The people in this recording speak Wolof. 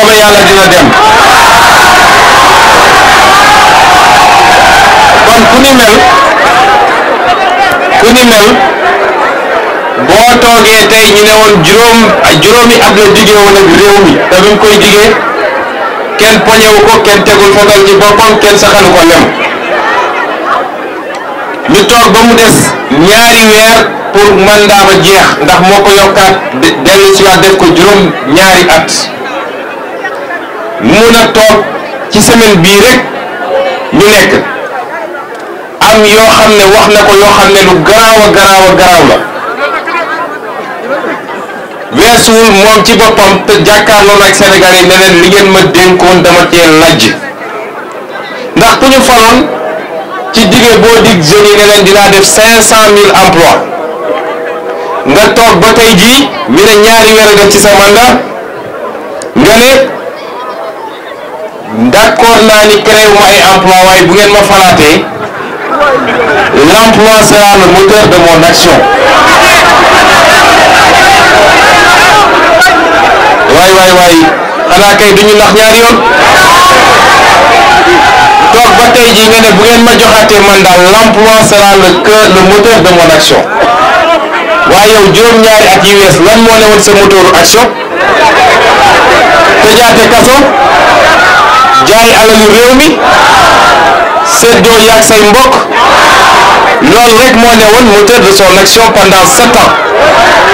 soobee yàlla dina dem kon ku ni mel ku ni mel boo toogee tey ñu ne woon juróom juróomi at la jigee woon réew mi te bi koy jigee kenn poñewu ko kenn tegul fogal ci boppam kenn saxalu ko lem ñu toog ba mu des ñaari weer pour mandat ba jeex ndax moo ko yokkaat dellu si waat def ko juróom ñaari at mun a toog ci semaine bii rek ñu nekk am yoo xam ne wax na ko yoo xam ne lu garaaw a garaaw a garaaw la weesuwul moom ci boppam te jàkkaarloo ak senegal yi ne li ngeen ma dénkoon dama cee lajj ndax ku ñu faloon ci dige boo dig jeunes yi ne leen dinaa def cinq cent mille emplois nga toog ba tey jii ñu ne ñaari weer ci sa mandat nga ne d'accord naa ni créé wu emploi waaye bu ngeen ma falaatee l'emploi sera le moteur de mon action waay waay waay xanaa kay duñu nax ñaari yoon toog ba tey jii nga ne bu ngeen ma joxaatee man daal l'emploi sera le cœur le moteur de mon action waaye yow juróom-ñaari at yi wees lan moo ne sa moteuru action tëjaate kaso jaay alalu réew mi seddoo yaag say mbok loolu rek moo ne woon moteur de son action pendant sept ans